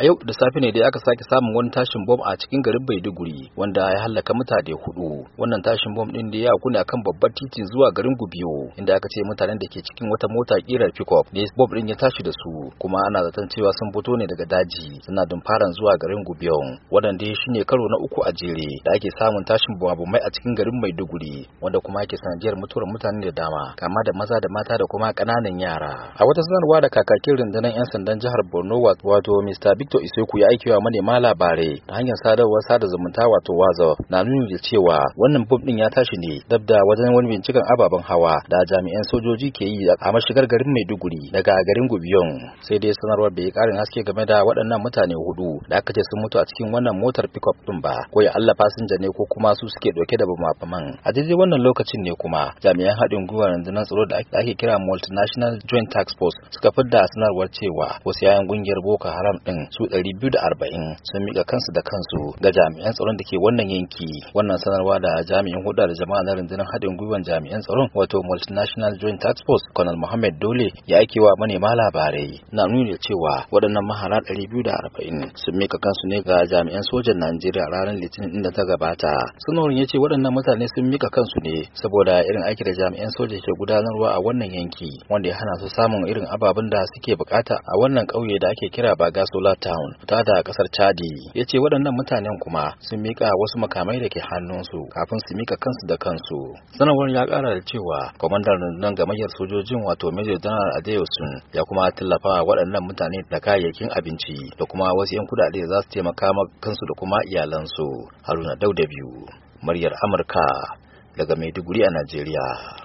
a yau da safe ne da aka sake samun wani tashin bom a cikin garin Maiduguri wanda ya halaka mutane hudu wannan tashin bom din da ya kuna kan babbar titin zuwa garin Gubiyo inda aka ce mutanen da ke cikin wata mota kirar pickup ne bom din ya tashi da su kuma ana zaton cewa sun fito ne daga daji suna dumfaran zuwa garin Gubiyo wadanda dai shine karo na uku a jere da ake samun tashin mai a cikin garin Maiduguri wanda kuma yake sanadiyar mutuwar mutane da dama kama da maza da mata da kuma kananan yara a wata sanarwa da kakakin rundunar 'yan sandan jihar Borno wato Mr. victor iseku ya wa manema labarai ta hanyar sadarwar sada zumunta wato wazo na nuni da cewa wannan bom din ya tashi ne dab da wajen wani binciken ababen hawa da jami'an sojoji ke yi a mashigar garin maiduguri daga garin gubiyon sai dai sanarwar bai yi karin haske game da waɗannan mutane hudu da aka ce sun mutu a cikin wannan motar pickup din ba ko ya allah fasinja ne ko kuma su suke dauke da bumafaman a daidai wannan lokacin ne kuma jami'an haɗin gwiwa rundunar tsaro da ake kira multinational joint task force suka fidda sanarwar cewa wasu yayan gungiyar boko haram din su 240 sun mika kansu da kansu ga jami'an tsaron da ke wannan yanki wannan sanarwa da jami'in hudu da jama'a na rundunar haɗin gwiwar jami'an tsaron wato multinational joint task force colonel mohammed dole ya ake wa manema labarai na nuni da cewa waɗannan mahara 240 sun mika kansu ne ga jami'an sojan najeriya ranar litinin inda ta gabata sanarwar ya ce waɗannan mutane sun mika kansu ne saboda irin aiki da jami'an soja ke gudanarwa a wannan yanki wanda ya hana su samun irin ababen da suke bukata a wannan ƙauye da ake kira bagasola Town ta da kasar Chadi ya ce waɗannan mutanen kuma sun mika wasu makamai da ke hannunsu kafin su mika kansu da kansu. Sanarwar ya ƙara da cewa kwamandan rundunar gamayyar sojojin wato Major General Adeosun ya kuma tallafa waɗannan mutane da kayayyakin abinci da kuma wasu 'yan kuɗaɗe za su taimaka kansu da kuma iyalansu. Haruna Dauda biyu, muryar Amurka daga Maiduguri a Najeriya.